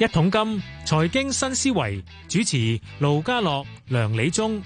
一桶金財經新思維，主持盧家樂、梁理中。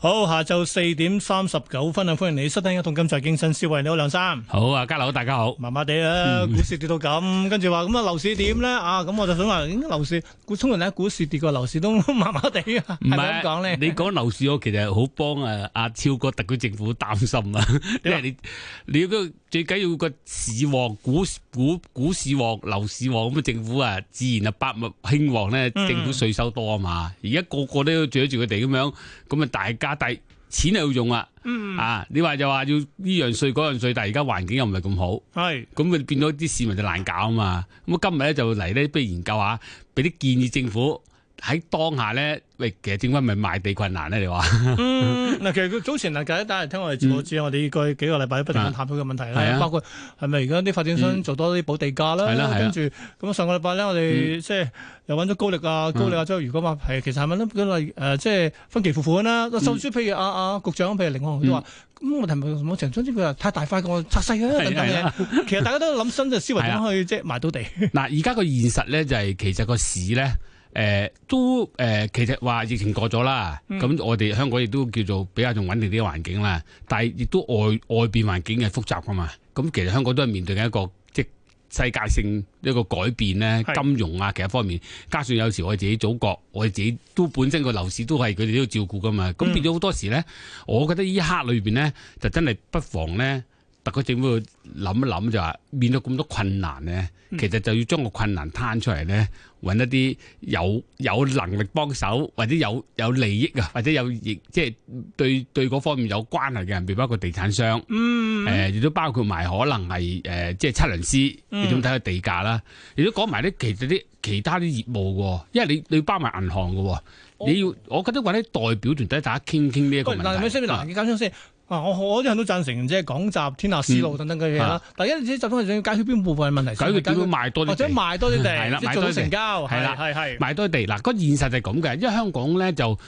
好，下晝四點三十九分啊！歡迎你，收聽一通今集《財經新思維》，你好，梁生。好啊，家樓大家好。麻麻地啊，股市跌到咁，跟住話咁啊，樓市點咧啊？咁我就想話，應該樓市，補充人哋，股市跌過樓市都麻麻地啊，唔係咁講咧。你講樓市，我其實係好幫誒，阿超過特區政府擔心啊，因為你你個最緊要個市旺、股股股市旺、樓市旺咁啊，政府啊自然啊百物興旺咧，政府稅收多啊嘛。而家個個都要住住佢哋咁樣，咁啊大家。啊！第錢係要用啦，嗯嗯啊！你話就話要呢樣稅嗰樣稅，但係而家環境又唔係咁好，係咁佢變咗啲市民就難搞啊嘛！咁、嗯、今日咧就嚟咧，不如研究下，俾啲建議政府。喺當下咧，喂，其實點解咪賣地困難咧，啊？你 話嗯嗱，其實早前嗱，大家等嚟聽我哋做主，知我哋依個幾個禮拜不斷探討嘅問題啦，啊，包括係咪而家啲發展商做多啲補地價啦，啊啊，跟住，咁上個禮拜咧，我哋即係又揾咗高力啊，高力、嗯、之後啊，中如果啊，係其實係咪咧？佢例誒，即係分期付款啦，甚至譬如阿阿局長，譬如另外佢都話，咁問題唔係我陳總之佢話太大塊我拆細啊，等等啊啊啊啊，其實大家都諗新嘅思維點去即係賣到地嗱，而家個現實咧就係其實，其實個市咧。誒、呃、都誒、呃，其實話疫情過咗啦，咁、嗯、我哋香港亦都叫做比較仲穩定啲環境啦。但係亦都外外邊環境係複雜噶嘛。咁其實香港都係面對緊一個即世界性一個改變咧，金融啊其他方面，是加上有時我自己祖國，我自己都本身個樓市都係佢哋都要照顧噶嘛。咁變咗好多時咧，我覺得呢刻裏邊咧，就真係不妨咧。個政府諗一諗就話，面對咁多困難咧,其實就要將個困難攤出嚟咧，揾一啲有有能力幫手，或者有有利益啊，或者有亦即係對對嗰方面有關係嘅人，包括地產商，誒亦都包括埋可能係誒即係測量師，你點睇個地價啦？亦都講埋啲其實啲其他啲業務，因為你你要包埋銀行嘅，你要，哦、我覺得或者代表團體大家傾一傾呢一個問題。先、哦。喂喂啊！我我啲人都贊成港，即係廣集天下思路等等嘅嘢啦。嗯、但係一啲集中係想解決邊部分嘅問題？解決要賣多啲地，或者賣多啲地，嗯、地即係做到成交。係啦，係係賣多啲地。嗱，個現實就係咁嘅。因為香港咧就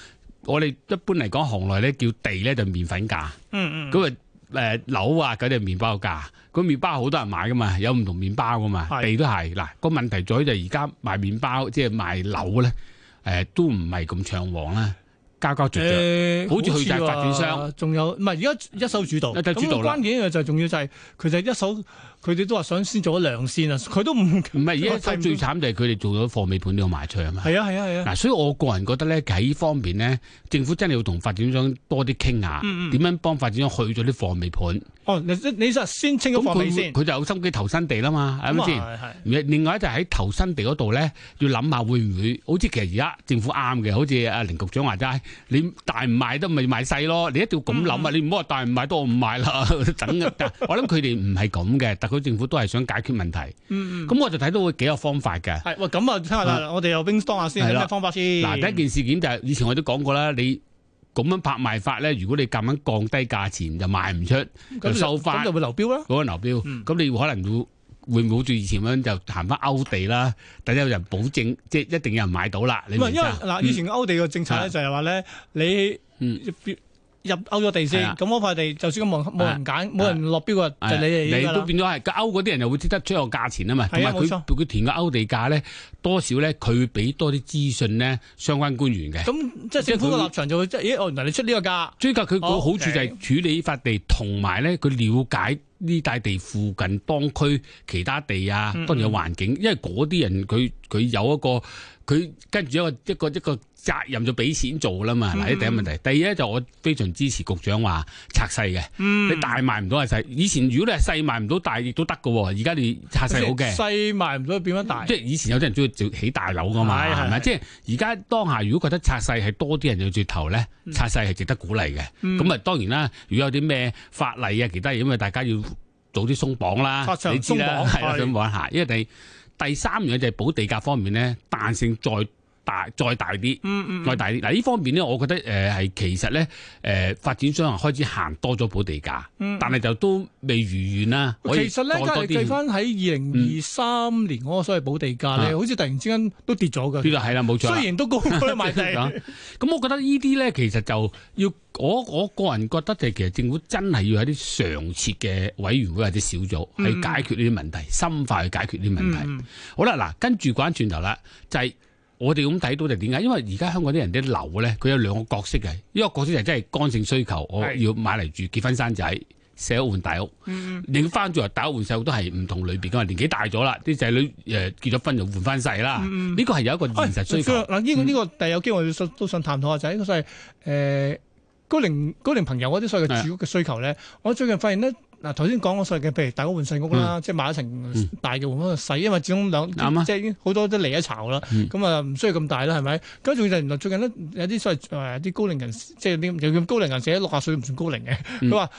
我哋一般嚟講行內咧叫地咧就麵粉價。嗯嗯。咁啊誒樓啊，佢就麵包價。個麵包好多人買㗎嘛，有唔同麵包㗎嘛。的地都係，嗱，個問題就在於就而家賣麵包即係賣樓咧，誒、呃、都唔係咁暢旺啦。交交追著，好似佢哋發展商，仲有唔係而家一手主導，咁關鍵一就係重要就係其實一手佢哋都話想先做咗兩線啊，佢都唔唔係而家最最慘就係佢哋做咗貨尾盤都要賣出去啊嘛，係啊係啊係啊。嗱、啊啊、所以我個人覺得咧喺呢方面咧，政府真係要同發展商多啲傾下，點、嗯嗯、樣幫發展商去咗啲貨尾盤。哦，你你實先清咗佢先，佢就有心機投新地啦嘛，係咪先？係係。另外一就喺投新地嗰度咧，要諗下會唔會？好似其實而家政府啱嘅，好似阿林局長話齋，你大唔賣都咪賣細咯，你一定要咁諗啊！你唔好話大唔賣都唔賣啦，等。我諗佢哋唔係咁嘅，但佢政府都係想解決問題。嗯嗯。咁我就睇到佢幾個方法嘅。係，喂，咁啊，聽日我哋又 brainstorm 下先，有咩方法先？嗱，第一件事件就係以前我都講過啦，你。咁樣拍賣法咧，如果你咁樣降低價錢就賣唔出，咁收翻，咁就會流標啦。嗰個流標，咁、嗯、你可能會唔會好似以前咁樣就行翻歐地啦。等於有人保證，即係一定有人買到啦。你唔係因為嗱，嗯、以前歐地嘅政策咧就係話咧，的你。嗯入勾咗地先，咁嗰塊地就算冇冇人揀，冇呀人落標嘅，呀就你嚟。你都變咗係勾嗰啲人，又會即得出個價錢啊嘛。同埋佢佢填個勾地價咧，多少咧，佢會俾多啲資訊咧，相關官員嘅。咁即係政府個立場就即係，咦哦會，唔、欸、你出呢個價？主要佢佢好處就係處理法地，同埋咧佢了解呢大地附近當區其他地啊，當然有環境，嗯嗯因為嗰啲人佢佢有一個，佢跟住一個一個一個。責任就俾錢做啦嘛，嗱呢第一問題，嗯、第二咧就我非常支持局長話拆細嘅，嗯、你大賣唔到係細，以前如果你係細賣唔到大亦都得噶，而家你拆細好嘅，細、就是、賣唔到變咗大，即係以前有啲人中意起大樓噶嘛，係咪？即係而家當下如果覺得拆細係多啲人要住頭咧，拆細係值得鼓勵嘅，咁啊、嗯、當然啦，如果有啲咩法例啊其他嘢，因為大家要早啲鬆綁啦，拆長你知啦，係綁是 想講下。因為第第三樣就係、是、保地價方面咧，彈性再……再大啲，再大啲嗱，呢方面咧，我覺得誒係其實咧誒發展商啊開始行多咗補地價，但係就都未如願啦。其實咧，梗係計翻喺二零二三年嗰個所謂補地價咧，好似突然之間都跌咗嘅。跌啦，係啦，冇錯。雖然都高翻埋嘅，咁我覺得呢啲咧，其實就要我我個人覺得就係其實政府真係要有啲常設嘅委員會或者小組去解決呢啲問題，深化去解決呢啲問題。好啦，嗱跟住講翻轉頭啦，就係。我哋咁睇到就點解？因為而家香港啲人啲樓咧，佢有兩個角色嘅。一個角色就真係剛性需求，是我要買嚟住、結婚生仔、社屋、換大屋。嗯嗯。你翻住又大屋換細屋都係唔同類別噶嘛？嗯、年紀大咗啦，啲仔女誒、呃、結咗婚就換翻細啦。呢個係有一個現實需求。嗱、哎，呢、呢個呢、呢個第有機會都想探討下就係、是、誒、呃、高齡高齡朋友嗰啲所謂嘅住屋嘅需求咧。是我最近發現咧。嗱，頭先講嗰個細嘅，譬如大家換細屋啦，嗯、即係買一層大嘅換翻個細，嗯、因為始終兩、嗯、即係好多都離咗巢啦，咁啊唔需要咁大啦，係咪？咁仲就原來最近咧有啲所謂誒啲高齡人士，即係啲又叫高齡人士，六十歲唔算高齡嘅，佢話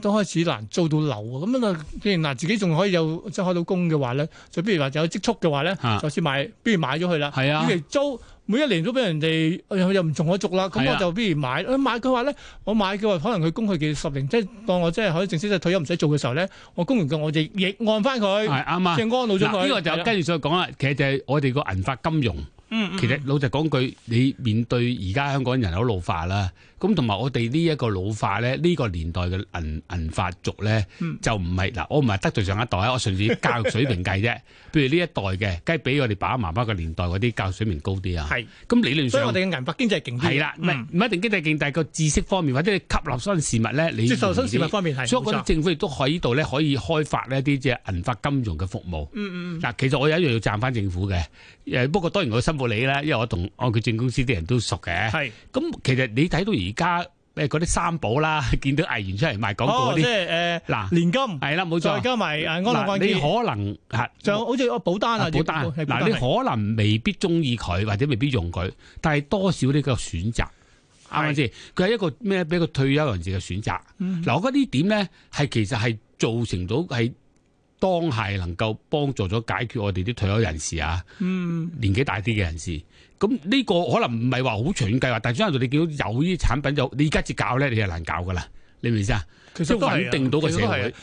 都開始難租到樓喎，咁啊，既然嗱自己仲可以有即係開到工嘅話咧，就譬如話有積蓄嘅話咧，就算買，不、啊、如買咗佢啦，不如、啊、租。每一年都俾人哋、哎、又唔同我續啦，咁我就不如買。買佢話咧，我買佢話可能佢供佢幾十年，即當我即係可以正式即退休唔使做嘅時候咧，我供完佢我就逆按翻佢，即係安老咗佢。呢、呢個就跟住再去講啦。的其實就係我哋個銀髮金融，嗯嗯其實老實講句，你面對而家香港人口老化啦。咁同埋我哋呢一個老化咧，呢、這個年代嘅銀銀髮族咧，嗯、就唔係嗱，我唔係得罪上一代啊，我純粹教育水平計啫。譬 如呢一代嘅，梗係比我哋爸爸媽媽個年代嗰啲教育水平高啲啊。係是，咁、嗯、理論上，我哋嘅銀發經濟勁啲。係啦了，唔係唔一定經濟勁，但係個知識方面或者你吸納新事物咧，你接受新事物方面係。所以我覺得錯政府亦都喺依度咧可以開發一啲即係銀發金融嘅服務。嗱、嗯嗯，其實我有一樣要讚返政府嘅，誒，不過當然我辛苦你啦，因為我同按證公司啲人都熟嘅。係是。咁其實你睇到而而家誒嗰啲三保啦，見到藝員出嚟賣廣告嗰啲，即係誒嗱年金係啦，冇錯再加埋誒，嗱你可能係就好似我保單啊，保單嗱你可能未必中意佢或者未必用佢，但係多少呢個選擇啱唔啱先？佢係一個咩？一個退休人士嘅選擇。嗱，我覺得呢點咧，係其實係造成到係。當係能夠幫助咗解決我哋啲退休人士啊，嗯、年紀大啲嘅人士，咁呢個可能唔係話好長遠計劃，但係相對你見到有呢啲產品有，你而家至搞咧，你又難搞噶啦，你明唔意思啊？即係穩定到個社會。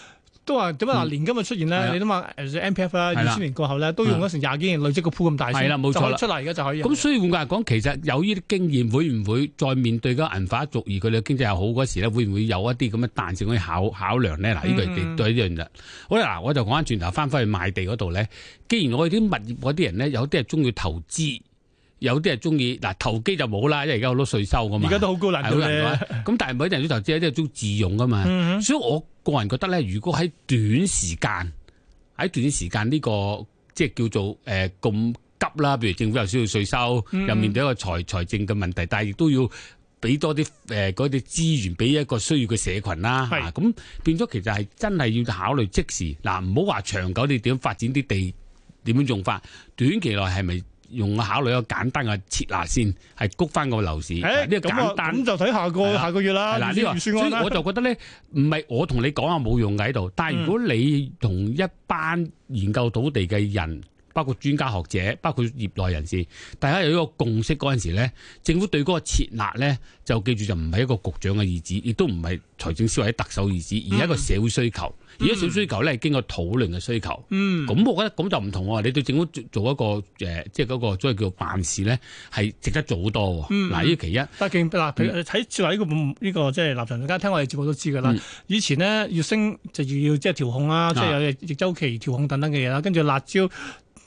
都話點解話年金嘅出現咧？嗯、你諗下 MPF 啦的，二千年過後咧，都用咗成廿幾年累積個鋪咁大先，就可以出嚟。而家就可以咁。所以換句話講，其實有呢啲經驗，會唔會再面對嘅銀髮族而佢哋經濟又好嗰時咧，會唔會有一啲咁嘅彈性去考考量咧？嗱、嗯，呢個係對一樣嘅。好啦，嗱，我就講翻轉頭，翻返去賣地嗰度咧。既然我哋啲物業嗰啲人咧，有啲係中意投資，有啲係中意嗱，投機就冇啦，因為而家好多稅收嘅嘛。而家都好高難度咧。咁 但係每啲人中投資咧，即係中自用嘅嘛。嗯嗯所以我個人覺得咧，如果喺短時間喺短時間呢、這個即係叫做誒咁、呃、急啦，譬如政府又需要稅收，嗯、又面對一個財財政嘅問題，但係亦都要俾多啲誒嗰啲資源俾一個需要嘅社群啦吓，咁是、啊、變咗其實係真係要考慮即時嗱，唔好話長久你點發展啲地點樣用法，短期內係咪？用考慮一個簡單嘅設立先，係谷翻個樓市。呢誒個簡單就睇下個、啊、下個月啦。係呢個所以我就覺得咧，唔係 我同你講啊冇用喺度。但係如果你同一班研究土地嘅人，包括專家學者，包括業內人士，大家有一個共識嗰陣時咧，政府對嗰個設立咧，就記住就唔係一個局長嘅意志，亦都唔係財政司或者特首意志，而係一個社會需求，嗯嗯、而家社會需求咧，經過討論嘅需求。嗯，咁我覺得咁就唔同喎。你對政府做一個誒、呃，即係嗰個所謂叫做辦事咧，係值得做好多嗯。嗯，嗱，呢個其一。但係嗱，睇設立呢個呢、呢個即係立場之間，聽我哋節目都知㗎啦。嗯、以前呢，要升，就要即係調控啦，即係有逆周期調控等等嘅嘢啦，跟住辣招。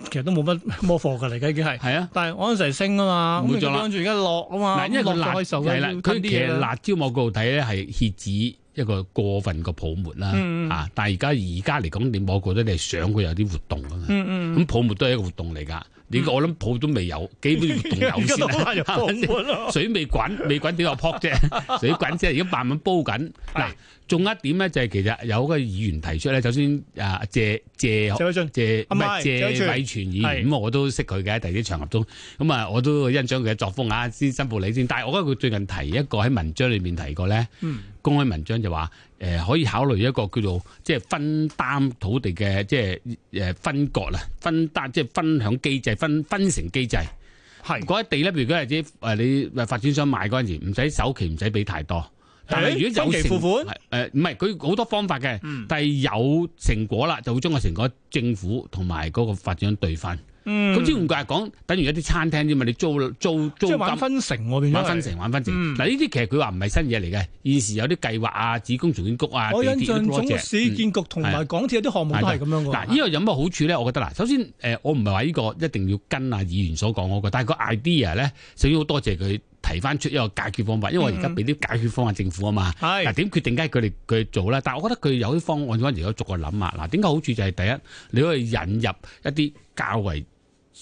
其實都冇乜摸貨噶嚟，究竟係？係 啊，但係陣時升啊嘛，唔好做跟住而家落啊嘛，嗱，因為佢辣係啦，佢其實辣招某個角度睇咧係遏止一個過分個泡沫啦。嗯、啊，但係而家而家嚟講，你我覺得你係想佢有啲活動啊嘛。嗯嗯。咁、嗯、泡沫都係一個活動嚟噶。呢個我諗鋪都未有，基本唔動油先 泡泡水未滾，未滾點有扑啫？水滾先，而家慢慢煲緊嗱。仲、啊、一點咧，就係其實有嗰個議員提出咧，首先啊，謝謝謝謝謝偉銓謝 議員，咁我都識佢嘅，喺第啲場合中，咁啊，我都欣賞佢嘅作風啊。先申報你先，但係我覺得佢最近提一個喺文章裏面提過咧，公開文章就話。誒可以考慮一個叫做即係分擔土地嘅即係誒分割啦，分擔即係、就是、分享機制，分分成機制。係嗰一地咧，如果係啲誒你發展商買嗰陣時，唔使首期，唔使俾太多，的但係如果有成，誒，唔係佢好多方法嘅，但係有成果啦，就會將個成果政府同埋嗰個發展商對翻。咁、嗯、只唔係講，等於一啲餐廳啫嘛，你租租租，租即係玩、啊、玩分成，玩分成，玩分成。嗱呢啲其實佢話唔係新嘢嚟嘅，現時有啲計劃啊，市區重建局啊，我印象總市建局同埋港鐵有啲項目都係咁樣嘅。嗱呢、嗯這個有乜好處咧？我覺得嗱，首先誒，我唔係話呢個一定要跟啊議員所講嗰個，但係個 idea 咧，首先要多謝佢提翻出一個解決方法，因為我而家俾啲解決方法政府啊嘛。嗱點、嗯、決定梗係佢哋佢做啦，但我覺得佢有啲方案嗰陣時，我逐個諗啊。嗱點解好處就係第一，你可以引入一啲較為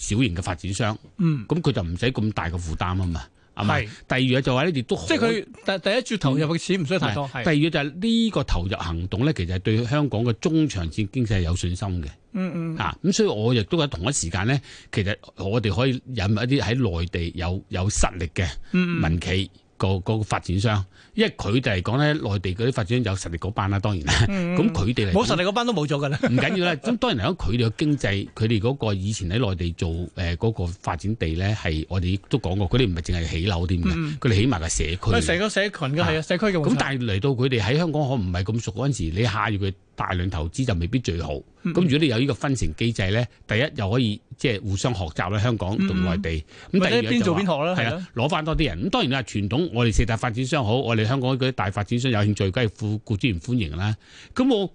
小型嘅發展商，咁佢、嗯、就唔使咁大嘅負擔啊嘛，係嘛？第二啊，就話呢啲都即係佢第第一次投入嘅錢唔需要太多。第二就係呢個投入行動咧，其實係對香港嘅中長線經濟係有信心嘅、嗯。嗯嗯。啊，咁所以我亦都喺同一時間咧，其實我哋可以引入一啲喺內地有有實力嘅民企。嗯嗯嗯個個發展商，因為佢哋嚟講咧，內地嗰啲發展商有實力嗰班啦，當然啦。咁佢哋嚟冇實力嗰班都冇咗噶啦。唔緊要啦。咁當然嚟講，佢哋嘅經濟，佢哋嗰個以前喺內地做誒嗰個發展地咧，係我哋都講過，佢哋唔係淨係起樓添嘅，佢哋起埋個社區。佢成個社群噶係啊，社區嘅。咁但係嚟到佢哋喺香港可能唔係咁熟嗰陣時，你嚇住佢。大量投資就未必最好，咁、嗯嗯、如果你有呢個分成機制咧，第一又可以即係互相學習啦，香港同外地咁，嗯嗯第二邊做邊學啦，係啊，攞翻的的多啲人。咁的當然啦，傳統我哋四大發展商好，我哋香港嗰啲大發展商有興趣，梗係顧顧主唔歡迎啦。咁我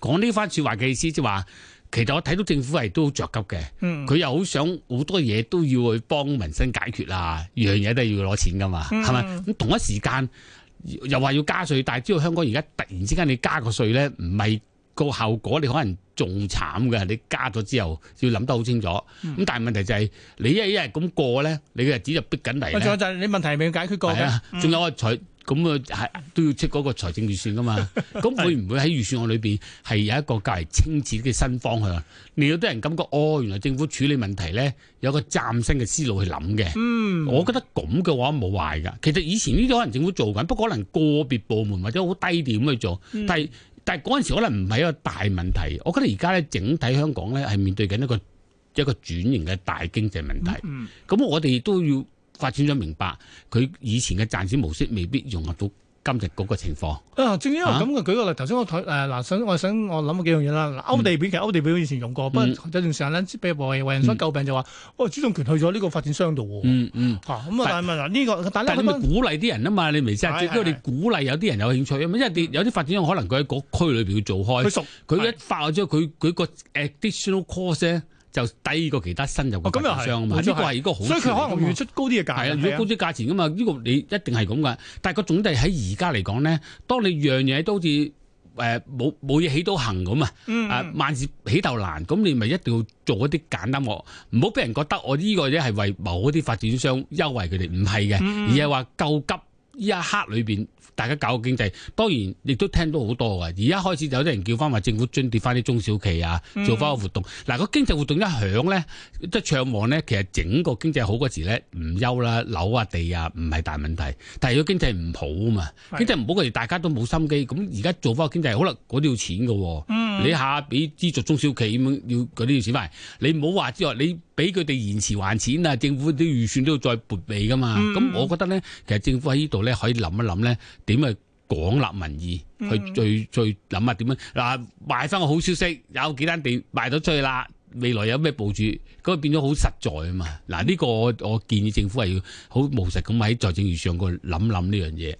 講呢番說話嘅意思即係話，其實我睇到政府係都好着急嘅，佢、嗯、又好想好多嘢都要去幫民生解決啊，樣嘢都係要攞錢噶嘛，係咪？咁、嗯、同一時間。又話要加稅，但係知道香港而家突然之間你加個稅咧，唔係個效果，你可能仲慘嘅。你加咗之後要諗得好清楚。咁但係問題就係、是、你一日一日咁過咧，你嘅日子就逼緊嚟咧。仲有就係你問題未解決過啊？仲有我才。嗯咁啊，係都要出嗰個財政預算噶嘛？咁 是會唔會喺預算案裏邊係有一個較為清晰嘅新方向？你有啲人感覺哦，原來政府處理問題咧有個嶄新嘅思路去諗嘅。嗯，我覺得咁嘅話冇壞噶。其實以前呢啲可能政府做緊，不過可能個別部門或者好低調，去做。但係但係嗰陣時可能唔係一個大問題。我覺得而家咧整體香港咧係面對緊一個一個轉型嘅大經濟問題。嗯，嗯，咁我哋都要。發展商明白佢以前嘅賺錢模式未必融合到今日嗰個情況。啊，正因為咁，嘅舉個例。頭先我睇誒嗱，想我想我諗咗幾樣嘢啦。嗱，歐地表其實歐地表以前用過，嗯、不過有段時間咧俾外外人詬病就話，哇、哦，主動權去咗呢個發展商度喎、嗯。嗯嗯。嚇咁啊，但係唔嗱呢個？但係你咁鼓勵啲人啊嘛，你未識？係係。因為你鼓勵有啲人有興趣啊，因為有啲發展商可能佢喺個區裏邊要做開。佢熟。佢一發之後，佢佢個 additional cost 啫。就低過其他新就發展商呢、哦哦、個係一個好，所以佢可能願出高啲嘅價，係啊，如果、啊、高啲價錢噶嘛，呢、這個你一定係咁噶。但係個總體喺而家嚟講咧，當你樣嘢都好似誒冇冇嘢起到行咁、嗯、啊，誒萬事起頭難，咁你咪一定要做一啲簡單，唔好俾人覺得我呢個嘢係為某嗰啲發展商優惠佢哋，唔係嘅，嗯、而係話救急。呢一刻裏邊，大家搞個經濟，當然亦都聽到好多嘅。而家開始有啲人叫翻話政府津貼翻啲中小企啊，做翻個活動。嗱個、嗯啊、經濟活動一響咧，即係暢旺咧，其實整個經濟好嗰時咧唔憂啦，樓啊地啊唔係大問題。但係如果經濟唔好嘛，經濟唔好嗰時大家都冇心機。咁而家做翻個經濟好啦，嗰啲要錢嘅喎、啊，嗯、你下俾資助中小企咁樣要嗰啲要錢咪，你唔好話之係你。俾佢哋延遲還錢啊！政府啲預算都要再撥備噶嘛？咁、嗯、我覺得咧，其實政府喺呢度咧，可以諗一諗咧，點去廣納民意，嗯、去最最諗下點樣嗱、啊，賣翻個好消息，有幾單地賣咗出去啦，未來有咩部署？嗰個變咗好實在啊嘛！嗱、啊，呢、呢個我，我建議政府係要好務實咁喺在，在財政預算上嗰度諗諗呢樣嘢。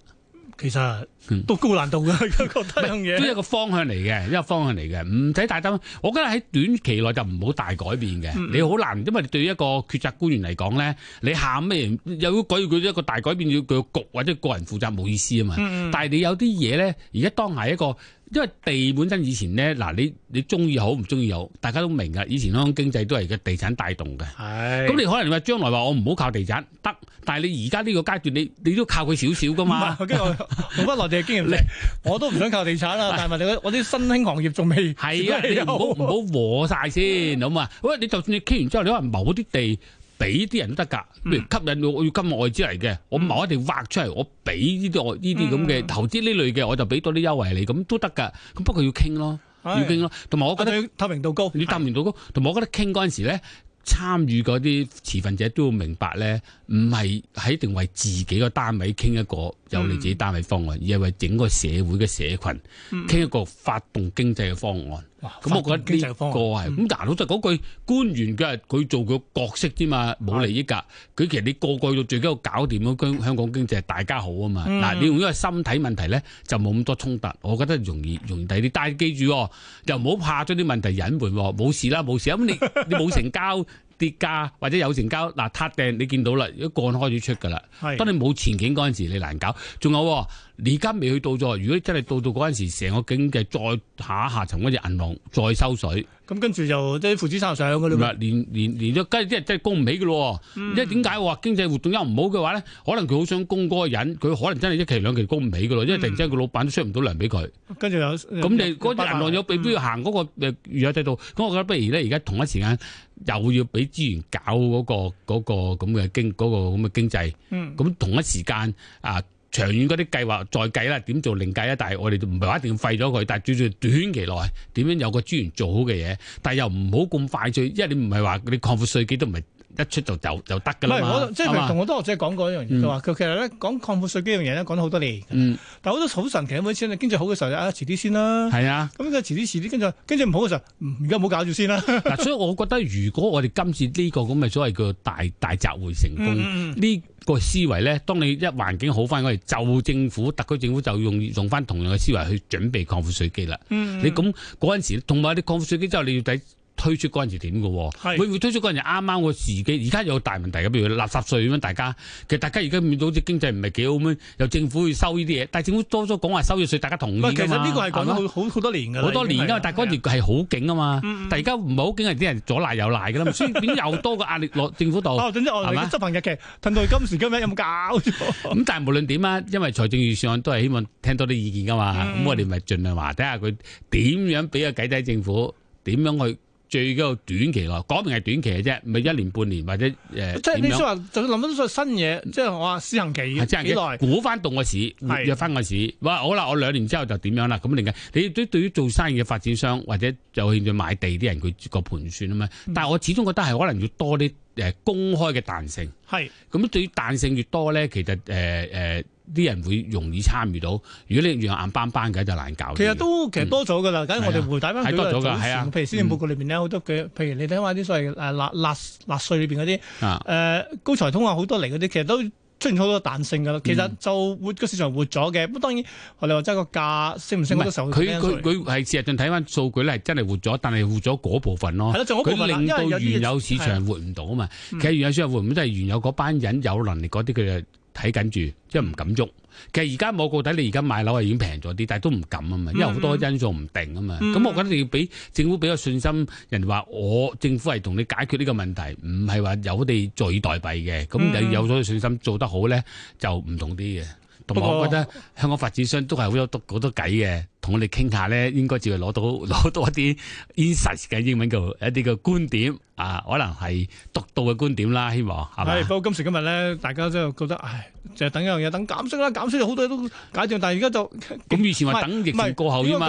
其實都高難度嘅，嗯、 樣嘢都係一個方向嚟嘅， 一個方向嚟嘅，唔使大燈。我覺得喺短期內就唔好大改變嘅。嗯、你好難，因為對於一個決策官員嚟講咧，你喊咩又要改佢一個大改變，要佢局或者個人負責冇意思啊嘛。嗯嗯，但係你有啲嘢咧，而家當係一個，因為地本身以前咧，嗱，你，你中意好唔中意好，大家都明噶。以前香港經濟都係個地產帶動嘅，咁是你可能話將來話我唔好靠地產得，但係你而家呢個階段，你，你都靠佢少少噶嘛。 同乜內地嘅經驗嘅， 我都唔想靠地產啦、啊。 但係我啲新興行業仲未，係啊，啊你唔好唔好和晒先，咁啊。喂， 你就算你傾完之後，你話某啲地俾啲人都得噶，譬如吸引到我要金外資嚟嘅，我某一地劃出嚟，我俾呢啲呢啲咁嘅投資呢類嘅，我就俾多啲優惠你，咁都得噶。咁不過要傾咯，要傾咯。同埋的我覺得透明度高，你透明度高。同埋我覺得傾嗰陣時咧。參與嗰啲持份者都要明白咧，唔係一定為自己個單位傾一個有利自己單位方案，嗯、而係為整個社會嘅社群傾一個發動經濟嘅方案。咁我覺得呢個係咁，嗱、嗯啊，老實講句，官員佢係佢做佢角色啫嘛，冇利益㗎。佢、啊、其實你個個到最緊要搞掂香香港經濟大家好啊嘛。嗱、嗯啊，你用一個心態問題咧，就冇咁多衝突，我覺得容易容易第啲。但係記住、哦，又唔好怕將啲問題隱瞞，冇事啦冇事。咁、啊、你你冇成交跌價或者有成交，嗱、啊，撻訂你見到啦，如果個案開始出㗎啦。當你冇前景嗰陣時，你難搞。仲有、哦。而家未去到咗，如果真係到到嗰陣時，成個經濟再下下層嗰隻銀行再收水，咁跟住就即係負資產上嘅咯。唔係，連連連咗，即係啲人真係供唔起嘅咯。即係點解話經濟活動又唔好嘅話咧？可能佢好想供嗰個人，佢可能真係一期兩期供唔起嘅咯。因為突然之間個老闆都出唔到糧俾佢，跟住有咁你嗰銀行有被迫要行嗰、那個預約制度，咁我覺得不如咧，而家同一時間又要俾資源搞嗰、那個、那個咁嘅、那個那個、經嗰、那個咁嘅、那個、經濟，咁、那個那個那個、同一時間啊。長遠嗰啲計劃再計啦，點做另計啊！但係我哋就唔係話一定要廢咗佢，但係最最短期內點樣有個資源做好嘅嘢，但係又唔好咁快脆，因為你唔係話你擴闊稅基都唔係。一出就就得噶啦嘛，即係同好多學者講過一樣嘢，佢話佢其實咧講擴闊稅基呢樣嘢咧講咗好多年，嗯、但好多好神奇每一次，經濟好嘅時候就啊遲啲先啦，係啊，咁即係遲啲遲啲，跟住跟住經濟唔好嘅時候，而家唔好搞住先啦。嗱、嗯嗯嗯，所以我覺得如果我哋今次呢個咁嘅所謂叫大大集會成功呢、嗯嗯、個思維咧，當你一環境好翻，我哋就政府特區政府就用用翻同樣嘅思維去準備擴闊稅基啦。你咁嗰陣時，同埋啲擴闊稅基之後你要睇。推出嗰陣時點嘅，會唔是會會推出嗰陣時啱啱個時機。而家有大問題嘅，譬如垃圾稅咁樣，大家其實大家而家好似經濟唔係幾好咁，由政府去收呢啲嘢，但係政府多咗講話收咗啲稅，大家同意其實呢個係講咗好好多年嘅好多年因嘛。的但係嗰段係好勁啊嘛，但而家唔係好勁，係啲人左賴右賴嘅啦。所以點又多個壓力落政府度。哦， 總之我哋嘅執行日期談到今時今日有冇搞咁，但係無論點啊，因為財政預算案都係希望聽多啲意見噶嘛。咁、嗯、我哋咪盡量話睇下佢點樣俾個計仔政府點樣去。最高短期內講明係短期嘅啫，唔係一年半年或者誒、呃、即係樣你想話，就諗翻新嘢，即係我話試行期幾耐？幾估翻個市，約翻是個市。哇！好啦，我兩年之後就點樣啦？咁另外，你對對於做生意嘅發展商或者有興趣買地啲人，佢個盤算啊嘛。嗯、但係我始終覺得係可能要多啲。誒公開嘅彈性係，咁樣是對於彈性越多咧，其實誒誒啲人會容易參與到。如果你越硬梆梆嘅，就難搞。其實都其實多咗㗎啦，梗係、嗯、我哋回答翻佢多咗㗎，係啊。啊譬如施政報告裏邊咧，好、嗯、多嘅，譬如你睇下啲所謂誒納納納稅裏邊嗰啲誒高才通啊，好多嚟嗰啲，其實都。出現好多彈性噶啦，其實就活個市場活咗嘅。咁、嗯、當然我哋話真係個價升唔升我都受佢佢佢係事實上睇返數據咧係真係活咗，但係活咗嗰部分咯，佢令到原有市場活唔到啊嘛，其實原有市場活唔到都係原有嗰班人有能力嗰啲佢啊。睇緊住，即係唔敢喐。其實而家我估睇你而家買樓係已經平咗啲，但係都唔敢啊嘛，因為好多因素唔定啊嘛。咁、嗯、我覺得你要俾政府俾個信心，人哋話我政府係同你解決呢個問題，唔係話由我哋坐以待斃嘅。咁有咗信心做得好咧，就唔同啲嘅。同埋我覺得香港發展商都係好有好多計嘅。同我哋傾下咧，應該就攞到攞到一啲 insight 嘅英文叫一啲嘅觀點啊，可能係獨到嘅觀點啦。希望係嘛？係不過今時今日咧，大家都覺得唉，就係、等一樣嘢，等減息啦，減息好多嘢都解凍，但係而家就咁以前話等疫情過後啊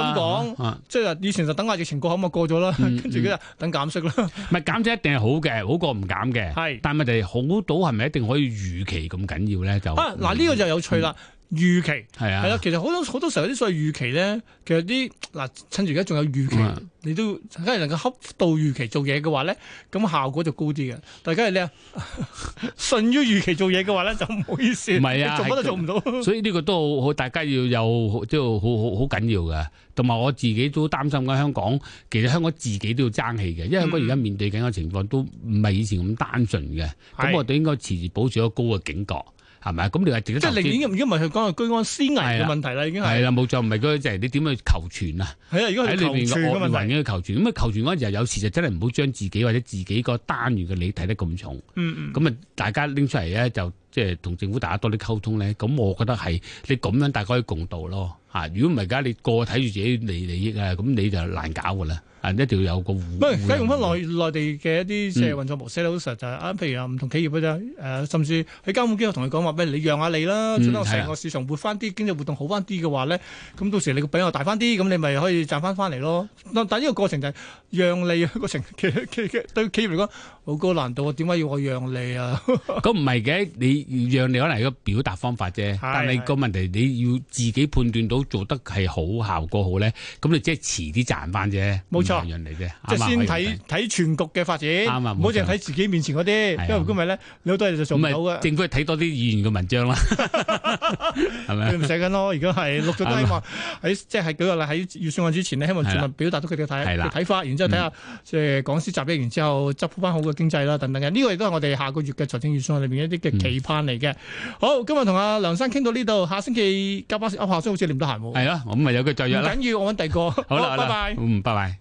嘛，即係嗎以前就等下疫情過後咪過咗啦，嗯、跟住咧等減息啦。唔係、嗯嗯、減息一定係好嘅，好過唔減嘅。係是，但係問題好到係咪一定可以預期咁緊要咧？就嗱，呢、啊這個就有趣啦。嗯預期係啊，係啦，其實好多好多時候啲所謂預期咧，其實啲嗱趁住而家仲有預期，啊、你都梗係能夠恰到預期做嘢嘅話咧，咁效果就高啲嘅。大家梗係咧，順於預期做嘢嘅話咧，就唔好意思，啊、做乜都做唔到。所以呢個都好，大家要有即係好好好緊要嘅。同埋我自己都擔心緊香港，其實香港自己都要爭氣嘅，因為香港而家面對緊嘅情況、嗯、都唔係以前咁單純嘅。咁的我哋應該持續保持咗高嘅警覺。係咪？咁你話自己即係，寧願而家唔係佢講個居安思危嘅問題啦，啊、已經係。係啦，冇錯，唔係嗰即係你點樣去求全啊？係、就是、啊，啊，如果喺裏邊嘅惡環境去求全。咁啊求全嗰陣時候，有時就真係唔好將自己或者自己個單元嘅理睇得咁重。咁啊、嗯嗯，大家拎出嚟咧就。即係同政府打多啲溝通咧，咁我覺得係你咁樣大家可以共度咯嚇。如果唔係而家你個個睇住自己利利益啊，咁你就難搞㗎啦。啊，一定要有個互唔係，即係用翻內內地嘅一啲即係運作模式啦。好實就係、是嗯、譬如啊唔同企業啊，誒、呃、甚至喺監管機構同佢講話不如你讓下你啦，最後成個市場活翻啲的經濟活動好翻啲嘅話咧，咁到時你個比率大翻啲，咁你咪可以賺翻翻嚟咯。但呢個過程就係、是。讓利啊個成其實其實對企業嚟講好高難度啊，點解要我讓利啊？咁唔係嘅，你讓利可能係個表達方法啫。 是的 但係個問題你要自己判斷到做得係好效果好咧，咁你遲錯即係遲啲賺翻啫。冇錯，人嚟啫。即係先睇睇全局嘅發展。啱，唔好淨係睇自己面前嗰啲，錯因為今日咧你好多嘢就做唔到嘅。政府係睇多啲議員嘅文章啦。佢唔使緊咯，如果係六個多億，喺即係幾個啦，喺預算案之前咧，希望全部表達到佢哋嘅睇睇法，然之後睇下即係講集思廣益，然之後執好翻好嘅經濟啦，等等嘅，呢個亦都係我哋下個月嘅財政預算案裏邊一啲嘅期盼嚟嘅。的好，今日同阿梁生傾到呢度，下星期加班，下星期好似你唔得閒喎。係咯，咁咪有個再約啦。唔緊要，我揾第二個。好啦，拜拜。拜拜。